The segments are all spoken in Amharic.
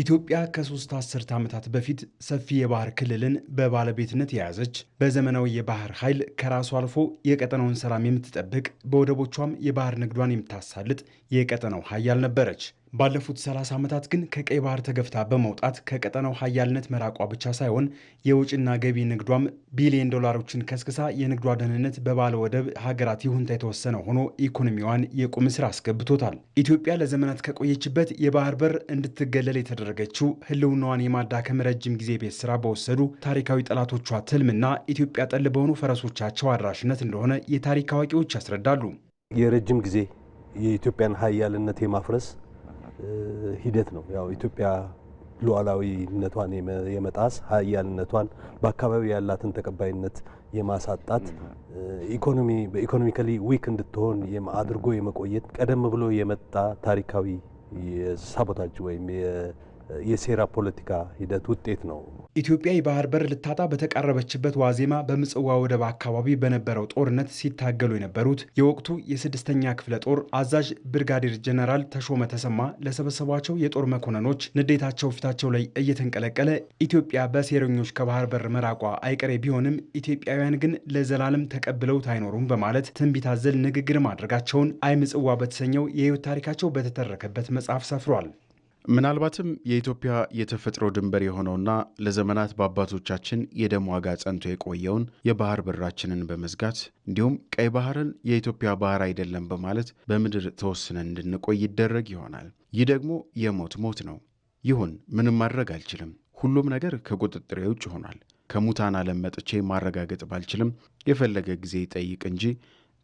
ኢትዮጵያ ከሶስት አስርት ዓመታት በፊት ሰፊ የባህር ክልልን በባለቤትነት የያዘች በዘመናዊ የባህር ኃይል ከራሱ አልፎ የቀጠናውን ሰላም የምትጠብቅ በወደቦቿም የባህር ንግዷን የምታሳልጥ የቀጠናው ሀያል ነበረች። ባለፉት 30 ዓመታት ግን ከቀይ ባህር ተገፍታ በመውጣት ከቀጠናው ሀያልነት መራቋ ብቻ ሳይሆን የውጭና ገቢ ንግዷም ቢሊዮን ዶላሮችን ከስክሳ የንግዷ ደህንነት በባለ ወደብ ሀገራት ይሁንታ የተወሰነ ሆኖ ኢኮኖሚዋን የቁም ስር አስገብቶታል። ኢትዮጵያ ለዘመናት ከቆየችበት የባህር በር እንድትገለል የተደረገችው ህልውናዋን የማዳከም ረጅም ጊዜ ቤት ስራ በወሰዱ ታሪካዊ ጠላቶቿ ትልምና ኢትዮጵያ ጠል በሆኑ ፈረሶቻቸው አድራሽነት እንደሆነ የታሪክ አዋቂዎች ያስረዳሉ። የረጅም ጊዜ የኢትዮጵያን ሀያልነት የማፍረስ ሂደት ነው። ያው ኢትዮጵያ ሉዓላዊነቷን የመጣስ ሀያልነቷን በአካባቢ ያላትን ተቀባይነት የማሳጣት ኢኮኖሚ በኢኮኖሚካሊ ዊክ እንድትሆን አድርጎ የመቆየት ቀደም ብሎ የመጣ ታሪካዊ የሳቦታጅ ወይም የሴራ ፖለቲካ ሂደት ውጤት ነው። ኢትዮጵያ የባህር በር ልታጣ በተቃረበችበት ዋዜማ በምጽዋ ወደብ አካባቢ በነበረው ጦርነት ሲታገሉ የነበሩት የወቅቱ የስድስተኛ ክፍለ ጦር አዛዥ ብርጋዴር ጀነራል ተሾመ ተሰማ ለሰበሰቧቸው የጦር መኮንኖች ንዴታቸው ፊታቸው ላይ እየተንቀለቀለ ኢትዮጵያ በሴረኞች ከባህር በር መራቋ አይቀሬ ቢሆንም ኢትዮጵያውያን ግን ለዘላለም ተቀብለውት አይኖሩም በማለት ትንቢት አዘል ንግግር ማድረጋቸውን አይ ምጽዋ በተሰኘው የህይወት ታሪካቸው በተተረከበት መጽሐፍ ሰፍሯል። ምናልባትም የኢትዮጵያ የተፈጥሮ ድንበር የሆነውና ለዘመናት በአባቶቻችን የደም ዋጋ ጸንቶ የቆየውን የባህር በራችንን በመዝጋት እንዲሁም ቀይ ባህርን የኢትዮጵያ ባህር አይደለም በማለት በምድር ተወስነን እንድንቆይ ይደረግ ይሆናል። ይህ ደግሞ የሞት ሞት ነው። ይሁን ምንም ማድረግ አልችልም። ሁሉም ነገር ከቁጥጥር ውጭ ሆኗል። ከሙታን ዓለም መጥቼ ማረጋገጥ ባልችልም የፈለገ ጊዜ ይጠይቅ እንጂ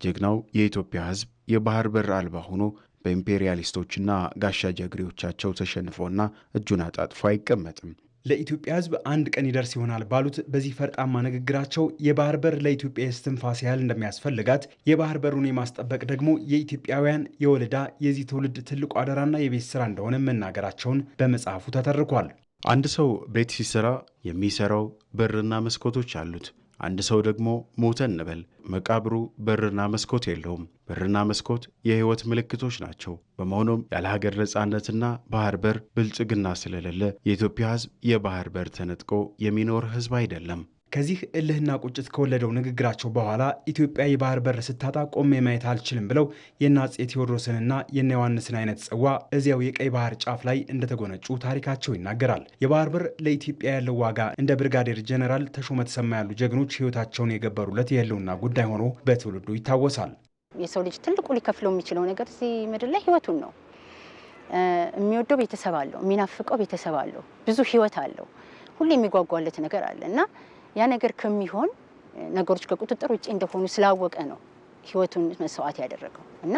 ጀግናው የኢትዮጵያ ሕዝብ የባህር በር አልባ ሆኖ በኢምፔሪያሊስቶችና ጋሻ ጀግሬዎቻቸው ተሸንፎና እጁን አጣጥፎ አይቀመጥም። ለኢትዮጵያ ሕዝብ አንድ ቀን ይደርስ ይሆናል ባሉት በዚህ ፈርጣማ ንግግራቸው የባህር በር ለኢትዮጵያ የስትንፋስ ያህል እንደሚያስፈልጋት የባህር በሩን የማስጠበቅ ደግሞ የኢትዮጵያውያን የወለዳ የዚህ ትውልድ ትልቁ አደራና የቤት ስራ እንደሆነ መናገራቸውን በመጽሐፉ ተተርኳል። አንድ ሰው ቤት ሲሰራ የሚሰራው በርና መስኮቶች አሉት። አንድ ሰው ደግሞ ሞተ እንበል። መቃብሩ በርና መስኮት የለውም። በርና መስኮት የሕይወት ምልክቶች ናቸው። በመሆኑም ያለ ሀገር ነፃነትና ባህር በር ብልጽግና ስለሌለ የኢትዮጵያ ሕዝብ የባህር በር ተነጥቆ የሚኖር ሕዝብ አይደለም። ከዚህ እልህና ቁጭት ከወለደው ንግግራቸው በኋላ ኢትዮጵያ የባህር በር ስታጣ ቆሜ ማየት አልችልም ብለው የነ አፄ ቴዎድሮስንና የነ ዮሐንስን አይነት ጽዋ እዚያው የቀይ ባህር ጫፍ ላይ እንደተጎነጩ ታሪካቸው ይናገራል። የባህር በር ለኢትዮጵያ ያለው ዋጋ እንደ ብርጋዴር ጀኔራል ተሾመ ተሰማ ያሉ ጀግኖች ህይወታቸውን የገበሩለት የህልውና ጉዳይ ሆኖ በትውልዱ ይታወሳል። የሰው ልጅ ትልቁ ሊከፍለው የሚችለው ነገር እዚህ ምድር ላይ ህይወቱን ነው። የሚወደው ቤተሰብ አለው፣ የሚናፍቀው ቤተሰብ አለው፣ ብዙ ህይወት አለው፣ ሁሌ የሚጓጓለት ነገር አለ እና ያ ነገር ከሚሆን ነገሮች ከቁጥጥር ውጭ እንደሆኑ ስላወቀ ነው ህይወቱን መስዋዕት ያደረገው እና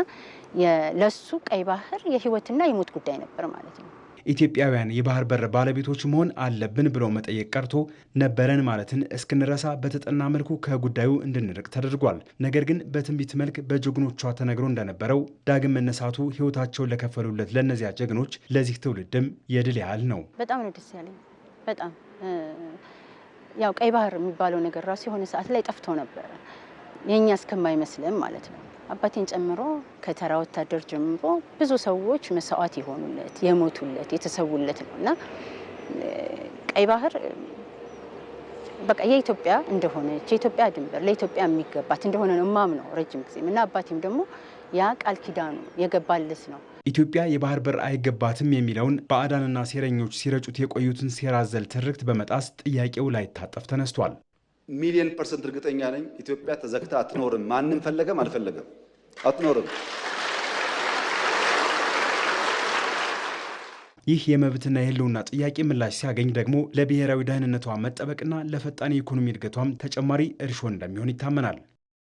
ለሱ ቀይ ባህር የህይወትና የሞት ጉዳይ ነበር ማለት ነው። ኢትዮጵያውያን የባህር በር ባለቤቶች መሆን አለብን ብለው መጠየቅ ቀርቶ ነበረን ማለትን እስክንረሳ በተጠና መልኩ ከጉዳዩ እንድንርቅ ተደርጓል። ነገር ግን በትንቢት መልክ በጀግኖቿ ተነግሮ እንደነበረው ዳግም መነሳቱ ህይወታቸውን ለከፈሉለት ለእነዚያ ጀግኖች ለዚህ ትውልድም የድል ያህል ነው። በጣም ነው ደስ ያለኝ በጣም ያው ቀይ ባህር የሚባለው ነገር ራሱ የሆነ ሰዓት ላይ ጠፍቶ ነበረ፣ የእኛ እስከማይመስልም ማለት ነው። አባቴን ጨምሮ ከተራ ወታደር ጀምሮ ብዙ ሰዎች መስዋዕት የሆኑለት የሞቱለት የተሰዉለት ነው እና ቀይ ባህር በቃ የኢትዮጵያ እንደሆነች የኢትዮጵያ ድንበር ለኢትዮጵያ የሚገባት እንደሆነ ነው ማምነው ረጅም ጊዜም እና አባቴም ደግሞ ያ ቃል ኪዳኑ የገባለት ነው። ኢትዮጵያ የባህር በር አይገባትም የሚለውን ባዕዳንና ሴረኞች ሲረጩት የቆዩትን ሴራ ዘል ትርክት በመጣስ ጥያቄው ላይታጠፍ ተነስቷል። ሚሊዮን ፐርሰንት እርግጠኛ ነኝ ኢትዮጵያ ተዘግታ አትኖርም። ማንም ፈለገም አልፈለገም አትኖርም። ይህ የመብትና የህልውና ጥያቄ ምላሽ ሲያገኝ ደግሞ ለብሔራዊ ደህንነቷ መጠበቅና ለፈጣን የኢኮኖሚ እድገቷም ተጨማሪ እርሾ እንደሚሆን ይታመናል።